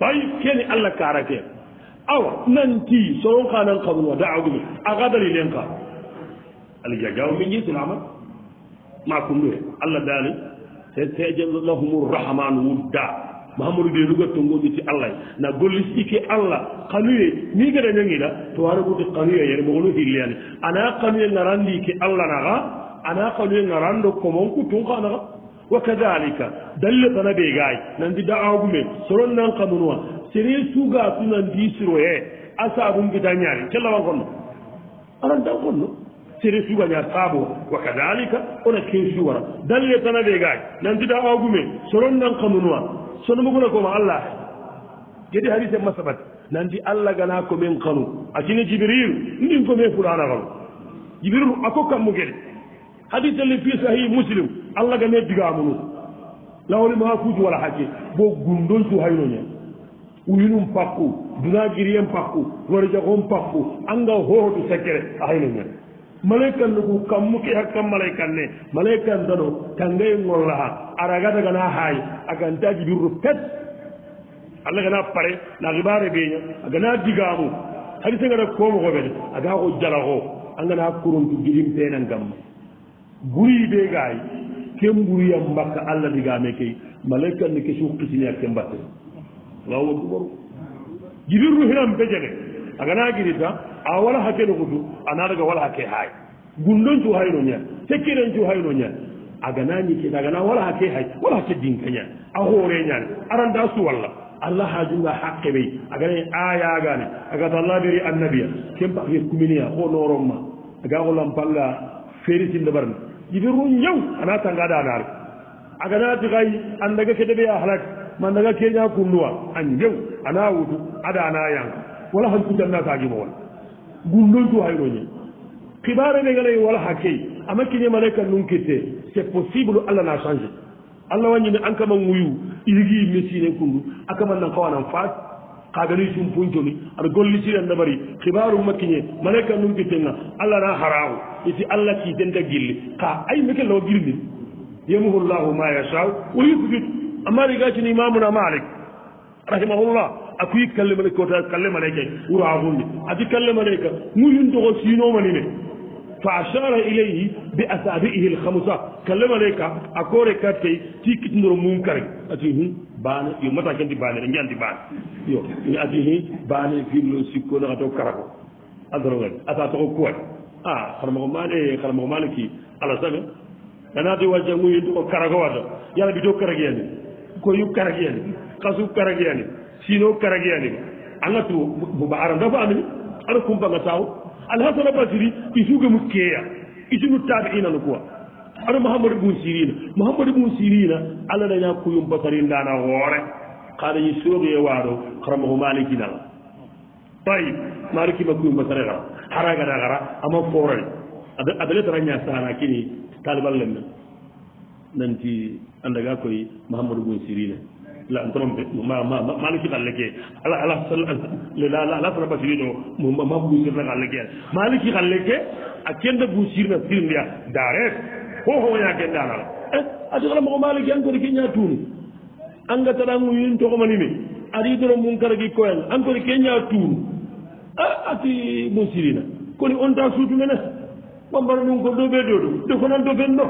bayi keni allah kara ke awa nanti soron kanan kamunwa da agumi aga dalilen ka alijajawo min jeytina amal ma kumdure allah daali se sejallahumu rahmanu wudda mahamadu de rugatto ngoɓiti allah na gollis ike allah kanuye mi gada ñangida to ware ɓuti kanuye yere mogono hilleyani ana kanuye ngarandi ke allah naxa ana kanuye ngarando komon ku tun xa naxa wa kadalika dalle tana ɓe gay nandi da agume soron nan kanunuwa sere suga tu nandi siroye a sabum kita ñari kellawan konno aran tan konno sere suga ñar sabo wa kadalika ona ke suwara dalle tana ɓe gay nandi da agume soron nan kanunuwa sono mbuguna koma allah gedi hadise masabat nandi allah gana ko min kanu akini jibril ndin ko min fuɗana kanu jibril ako kammu gede hadise li fi sahi muslim allah gane digamunu lawoli ma fuuji wala hakke bo gundoncu hayno ñen uyinum pakku dunagiriyen pakku warjagon pakku anga hooto secret a hayno ñen malaykan nugu kammuki hakka malaykanne malaykan dano kangay ngollaha aragada gana haay agantaji birru pet allah gana pare na xibare beña agana digamu hadise ngata komoxoɓede aga xo jalaxo angana kurontu gidim tena ngamma guri be gaay ken mburiya mbakka allah digame key malaykan ne kesu xisine a ke mbatte allahu akbaru jibirru hinan bejene agana giri tan a wala hakkene kutu a naataga wala hakke haay gundon cu hayno ña sekkiren cu hayno ña aganañi ke agana wala hakke hay wala hakke dinka ña a hooreñani aranda suwalla allah hajunga haqqe ɓey aganayi ayagane agata allah beri annabiya ken paxke cumminiya ho noromma aga xolampalla feri sinde ɓarni yiferu ñaw ana tanga danare aganati xay andaga ke deɓe a halak mandaga keña kunduwa a ñew ana wutu adana yanka wala hak kutannataaki mo wala gundontu hayroñi xibaare ne ngalay wala ha key ama kine malayka num kitte c' est possible allah na changé allah wañine an kama nguyu irigi messinen kundu a kama nan xawanan faat xagani sum funconi aɗa golli siren ndabari xibaru ma kiñe malayka num kittenga allah na haraaw isi allah ki den ta gilli xa ay meke lawa girndin yamuhullahu ma yachaw wa yufbit amma rigacini imamuna malik rahimahullah a kuyi kallemane kota kallemane ke wuraagunni ati kallemane ka muyun dogo siinomanine fa ashara ilayhi bi asabi'ihi alhamusa kallemane ka a kore katkey ti kitindoro mum kare ati baane yo mata kenti baane re ñanti baane yo ati baane fimlo sikko naxa to karako adarogan ata toxo kuwat a xarmoxo maane xarmoxo maane ki ala sage anati wacca muyun dogo karago wata yala bito karageyani koyu karageyani xasu karageyani sino karageyanim angatu buba aran dafa anumi ara kumbanga saw alhasan abasiri isuga mu keya isunu tabiinanu quwa ara mahamadu bun sirina mahamadu bun sirina alla dana kuyum basarindana hoore kada yi sogeye waro karamahu malikinala ayi malikima kuyum basare kara haragada kara ama forani adale tara ña sana kini talibal lemme nanti andaga koy mahamadu bun sirina la trompe ma ma ma lu ci dal lege ala ala la la la trompe ci do mo ma bu ci dal lege ma lu ci dal lege ak kenn bu sir na sir ndia dare ko ho ya ke dal la eh adu ram ko ma lu ci an ko ki nya tun an ga tan mu yin to ko mani mi adi do mu ngar gi ko en an ko ki nya tun ah eh, ati mo sirina ko ni on ta su tu ngena ko mbar mu ko do be do do ko nan do ben do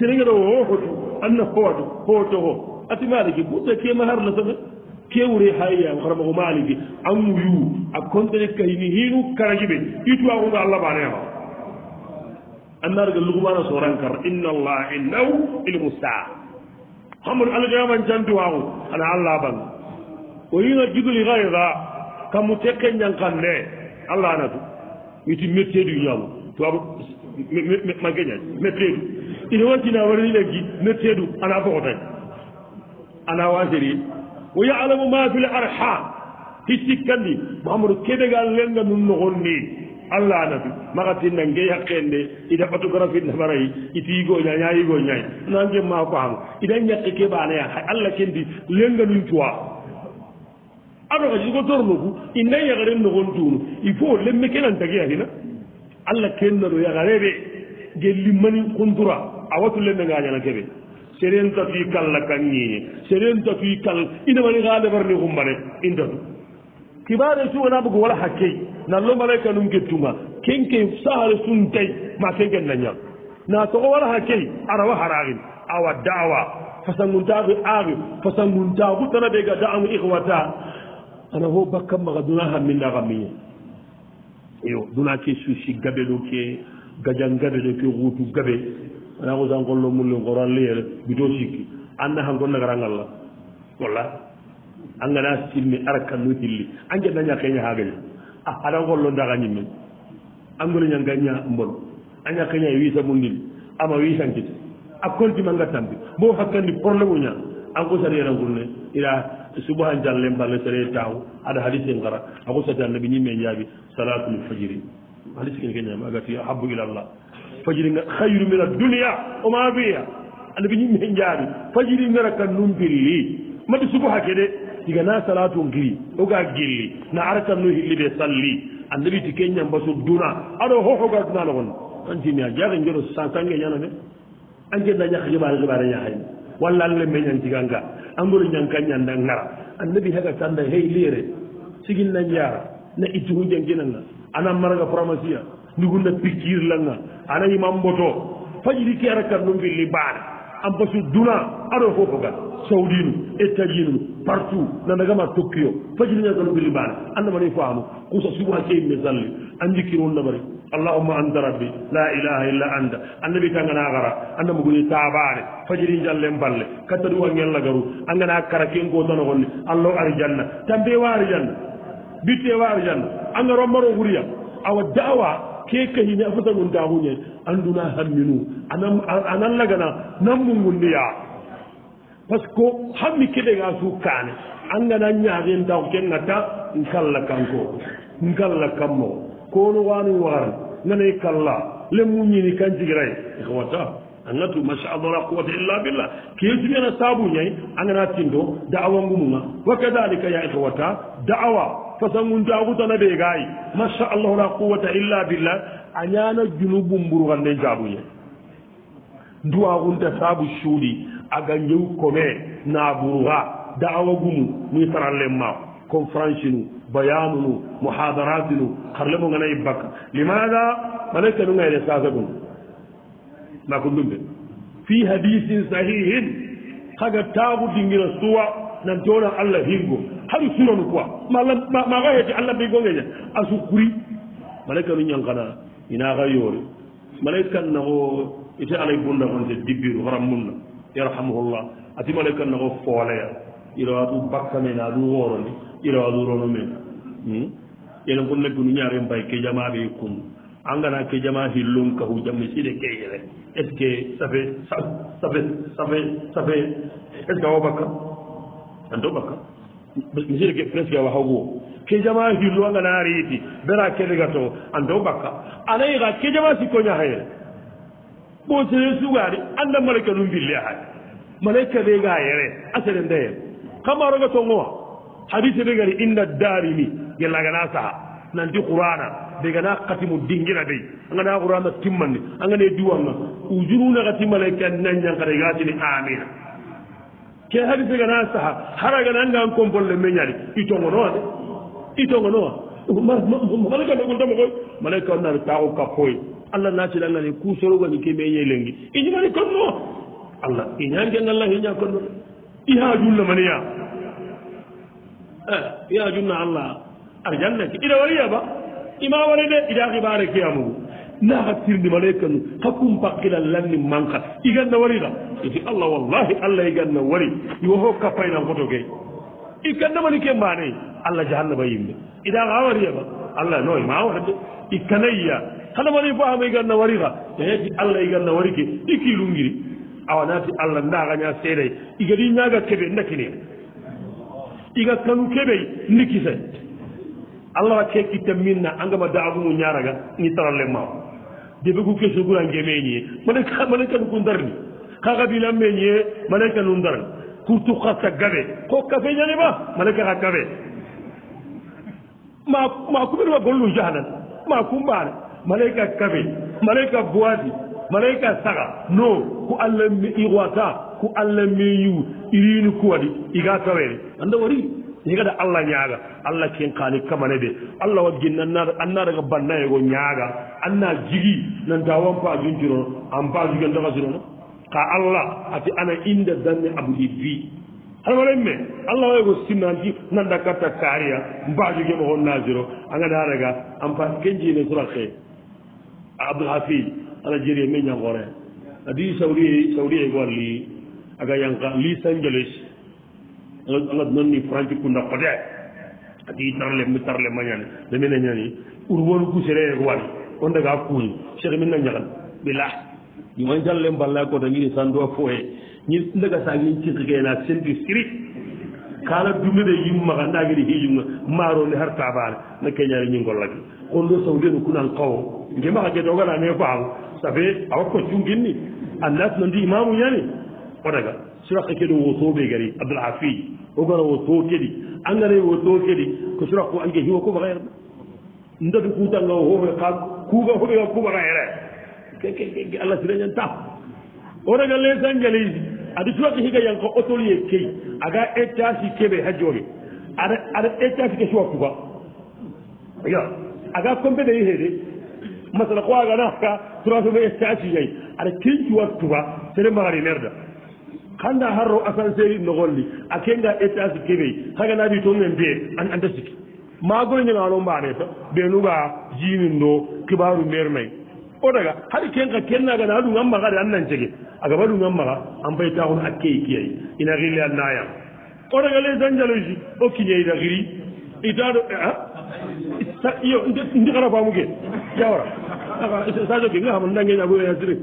sirina do ho ho anna ho ho ho ati maaliki buɗɗe keema harla tobe kewre haya haramako maaliki anu yu a contene kayni hiinu karagi ɓe itowagunga allah baneno annaaraga lugmana sorankar inna allaha indahu ilmustaa hamadu allah jaman cantuwaagu ana allah bang o yino jigoli hayda kammu tekke ñankan de allah anatu witi metteedu ñaamu tuwabu ma geñaj metteedu ina wantina warini leggi metteedu ana fogotañ alawasiri wo yaalamu ma fi l arham hiccikkandi mamadu kebegal lenga nun nogonni allahnatu magatinna nge yakkende ida fotographine marayi itiigoñaña yigoñay nange ma kohan ida ñakke kebaneya hay allah kendi lenga nun cuwa ado kaci go tornoku inda yagaren nogontunu il faut lemme kenantageyahina allah kennado yagareɓe gellimmani kuntura a watu lendengañana keɓe serenta fi kalla kan ñiñe serenta fi kal ina mani ha lebarni xumbane intatu kibare su wona bugu wala hakkey nallo malaika num gettunga kenke sahare sun tay ma kenken nañag na toxo wala hakkey arawa haraxin awa dawa fasanguntaxi axi fasanguntaxu tana ɓega da amu ixwata ana fo bakka maxa duna xamminda xammiñe iyo duna ke susi gaɓe ɗo ke gajan gaɓe ɗo ke xutu gaɓe ayaku san kollo mullin korolli yere bito sikki anna han gon nagarangalla walla angana sinni ara kannu tilli an jenna ñakeña hagaño a ah, adan kollo ndaga ñimmen angoli ñangaña mbon a ñakeña wiisa mundin ama wiisankite a kontimanga tampi mbo hakkandi probléme uña an ko sariyena gurne ira subahan jalle mballe sere taw aɗa haadisen gara a ko sati annabi ñimme jaabi salatul fajiri haadis kene keñama agati habu ila llah fajiri ngara hayru min adduniya oma biya anabi ñimme hen jaaɓi fajiri ngara kan numbilli madi subaha ke de siga na salatu giri oga gilli na ara kan no hilli ɓe salli annabi ti keñam mbaso duna aɗo hohogarnalogon antimi a jaga njoɗo sansange ñanane ankenda ñaka heɓare heɓare ñahani walla alle meñantiganga angoro ñankañanda gara annabi haga tanda heyliere siginna jara na ittu hujanginanga anan maraga pharmacie ndugunna piccir langa anayi mamboto fajiri kera kan num filli baare an pasu duna aɗo fofo ga sawdinu étatsunu partout nanagama tokkio fajiri kera kanum filli baare annamani faamu kusa suba keyimme salli an jikkino on namari allahumma anta rabbi la ilaha illa anta annabi tangana hara annamagoni tabaare fajiri jallen balle katta ɗum a gella garu a gana kara kenko tano gonni allah ari janna tambe wa ari janna bitte wa ari janna angaro maro huriya awa dawa keke hine a fota ngun daxuñe anduna hamminu anan lagana nanmu ngunniya parce que hammi kedega su kane angana ñaxin daxu ke ngata nkalla kanko ngalla kammo kono wani waran nganay kalla lemu ñini kan jigiray ixwata angatu masaallah la quwata illa billah keetuñana sabuñay angana tindo da'awa ngumuga wa kadalika ya ixwata da'awa fasangunta agutana ɓe gayi masha allahu la quwata illa billah a ñana junubu mburuxanden saabuñe duwagunta saabu suuɗi aga ñew kome na buruxa daawa gumu mi saranlen ma conférence nu bayanu nu mohadarati nu xarle moganayi bakka limaga ɓane kenungayene sasagun nakundumɓe fi hadisin sahihin xaga taaxu dingina suwa nan jona allah hingo haru sunanu quoi maxa heti allah mbigongeñe a sukuri malaika nu ñangana inaxa yoore malaika naxo ite alay bundaxonte dibiru xaramunna yarhamuhullah ati malaika naxo foolaya ilawatu bakkamene adu worondi ilawatu rono men hmm? yene ngun nebbi nu ñaaren bay ke jamaɓe kun angana ke jama hillun kahu jamme side keyere est ce que ça fait ça fait ça fait ça fait est ce que awo bakkam anto makka misiɗe presque awa hagoo kejama hillu a ngana reeti bera kedega to anto bakka anayi xa kejama sikkoña hayere bo sere sugaari anda malaika num ville hay malaika ɓega yere a sere ndeyen kamaroga tongowa hadise ɓe ngari inna darimi gella gana saha nanti qurana ɓe gana katimu dingina ɓey a ngana qurana timmandi a ngane duwanga ujuruna xati malaika nañangxarega tini amina ke hadi fe gana saha hara gana ngan compolle meñani itongo noa de itongo noa malaka ndogol tama koy malaika o nani taxu kappoy allah nacilangani ku sorogani ke meñe lengi i ñimani kon noa allah i ñangeng allah iña kon no i hajulna maniya i hajulna allah arjanneke ida wariya ba ima wari de ida xibare ke amugu ناغت سير دي ملائكه حكم باقيل لن منخ ايغان وري لا في الله والله الله ايغان وري يوهو كفاينا بوتوغي ايغان ما نكي ماني الله جهنم يمد اذا غاوري با الله نو ما واحد ايكنيا خلا ملي فاهم ايغان وري لا في الله ايغان وري كي ايكي لونغيري او ناتي الله ناغنا سيري ايغري ناغت كبي نكني ايغا كانو كبي نكي سيري allah wa ke kittam min na angama daagumu ñaraga ni tarale ma debe ku kesu gura ngemeñie maneka nu ku darni ka kabila meñie maneka nu ndarni kurtu kasa gabe ko kafe ñaniba maneka xa kafe ma ma kumenuma gollu jahanan ma kumbane maleka kafe maleka boisi maleka saga no ku allah mi iwata ku allah mi yu irini kuwadi iga tawede anda warii yigata allah ñaaga allah ken kaani kamane de allah waggin annaraga bannayego ñaaga anna jigi nanta wan paguintinono an pagigendakasinono ka allah ati ana inde danne abudi bi haɗamaɗenme allah wayego sinnanti nanda katta kaariya mbajugema hon nasiro agadaraga an pa kenjine suraqe a abdulhafi ana jeriye me ñangore adi saudi saudi ye gowalli aga yanka lis angeles nga non ni franci ku ndako de ati tarle mi tarle ma ñani dami na ñani ur wonu ku sere ko wal on daga kuñu cheikh min na ñaxal bila yi ma jalle mballa ko da ngi san do foye ni ndaga sa ngi ci xige na sen bi siri kala dumi de yi ma nda ngi hi yu maro ni har tabar na kenya ni ngol lag ko do saw de ku nan xaw ngi ma ke dogala ne faaw sa fe aw ko ci ngi ni andat no di imamu ñani o daga sura ke do wo sobe gari abdul hafiz o gara wo to keɗi engrais wo to keɗi ko sura ko ange hiwa kuɓa xeer ɓe ndatu kutanga hoɓe xa kuga hoɓega kuɓa xeere ke allah sirañan ta o rega lesan jalis aɗa suwake xiga yangqa autolie key aga étage keɓe ha jooge aɗa étage ke suwa kuɓa iyo aga compéde xeede masala ko agana xa trois fe étage ay aɗa kencuwa tuɓa sere maxari merda hannda harro ascenseri nogolli a kenga étage keɓey haganaaɓi toon men mbiye an anda siki ma goñeganoon mbaaneta ɓenuga jinin ɗo kibaru maire nayi o daga haɗ kenka kennagana a ɗugan maga ade an nan cege a gaba ɗu gan maga an paytaxun a key kiyay ina xille an naya o daga les angelogie o kiñeyda xiri itaɗo iyo ndi xara famu ke jawara sajo ke nga xam ndangeñabo yasire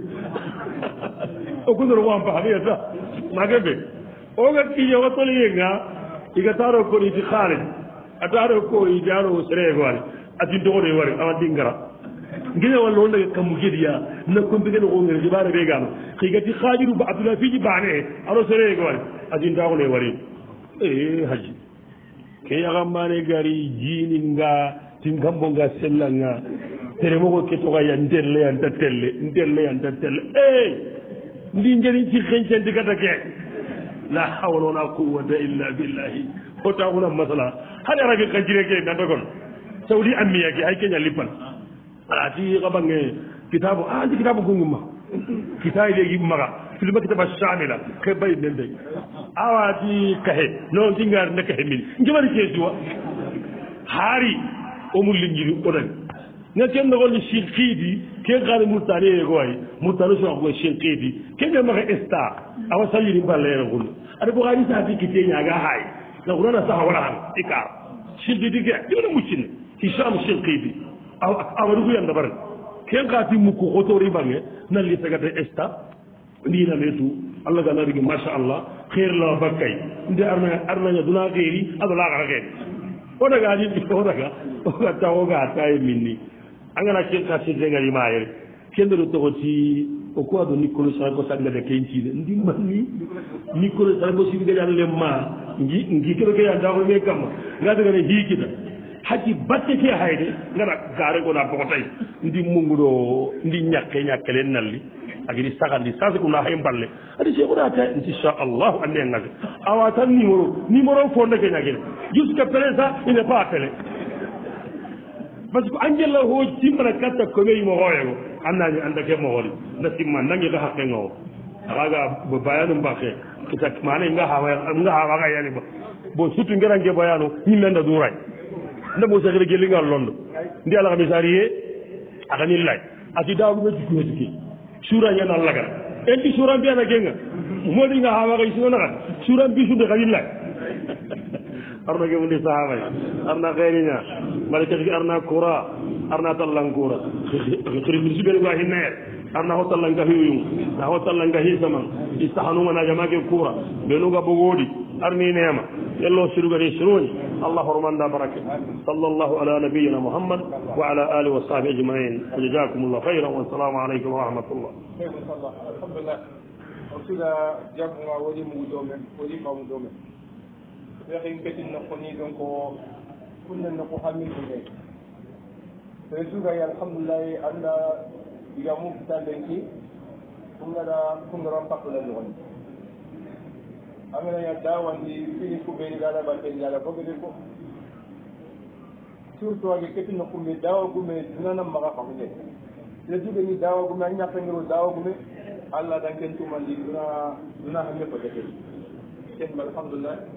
o kunoroxo an paxaɓeyata maga be oga kiñoga tolaye nga iga taro koɗiti xaali a taro ko idi aro sereye gowani atin toxone wari awa ɗingara ngeña walla o ndaga kam geɗya na compigene xongene jeɓare ɓe gano xigati xajiru ba abdoula fiji bane aro sereye gowani atin taxone wari e eh, haji ke yaxammane gari jininga tin gambonga sellanga tere moxo ke toxa ya ndelle yanta telle ndelle yanta telle ey eh! ndi njarin ci xencen di gata kee la xawla wala quwata illa billahi o taxuna masala xane rafi xajire ke nga dogon sawdi amiya ke ay keña lippan wala ti xabange kitabu a ndi kitabu gungma kitabi leegi maxa filma kitaba camila xe bayi nen de awa ti kaxe non ti ngaar na kaxe mbin njemari ke siwa xaari o mu lingiri o dag ne ken nogolle cirqiidi ken kaade murtani yeegoay murtani sooxa koy cirqiidi ke ɓe maxe sta awa sayiri mballeere xun ade ko xaadi saati kitie ñaaga xaay na xunana saxa waraxan ikaar cirqiidi ke ɗimene muccine hicham cirqiidi awadi ku yanda bare ken kaati mukku xotoori mbange na li sagate esta ndina meetu allah ga narigi macha allah xeer la bakkay nde arnaña duna xeeri adolaxara xeer o daga ni o daga oga taxoga taye min ni angana kartirdegal imayere kenderu togo ti o kuwa do nicolo sarko sagade kentide ndimmanni nicolo sarko sirgeɗanle ma gi gikeɗo kee adako ɓe kamma gadagane hikida hakki batte ke hayde gara gare gona bootay ndi mugguɗo ndi ñakke ñakkelen nalli agidi sagandi sase kuna hay mballe adi sekoɗata inchallahu ande ngage awa tan numéro numéro fo ndeke ñagine jusque pele sa il n'est pas appelé pasque anjalla ho simra katta komeyi mo hooyego annani annda kemo hoore nasimma dange ka haqqenga o aaga bo bayanu mbake sak manayi nga hawaga yani ba bo surtout ngerange bayanu ñimmenda duray nda bo sahira gellingal londo ndi ala kamisariye akani lay ati dawɗume jukkuhesuki suurañenal lagal enti suura mbiyana kenga moɗi nga hawaga isinonaga suura mbisude kawin lay أرنا جبل صحابي أرنا غيرنا ملكتك أرنا كورا أرنا تلان كورا خريب سبيل الله النار أرنا هو تلان كهيو يوم أرنا هو تلان كهيو زمان استحنو من أجمع كورا بنوغا بغودي أرني نعمة يلا سيرو غني سيروني الله رمضان بركة صلى الله على نبينا محمد وعلى آله وصحبه أجمعين وجزاكم الله خيرا والسلام عليكم ورحمة الله الحمد لله وسيلة جمع ولي مودومن ولي مودومن wexin ketin no ko ni donc funne no ko xamidu de te sugay alhamdulilahi anda yamu talen ki fungara fungaran pakula ñoxoni amenaya dawandi fini kuɓeni galabaten jala fogede ko surtout age ketin no kumbe dawagume dunana maxa xaxude te jugeni dawagume a ñakangiro dawagume allah dan ken tumandi duna duna xame ko jaten ken alhamdulilah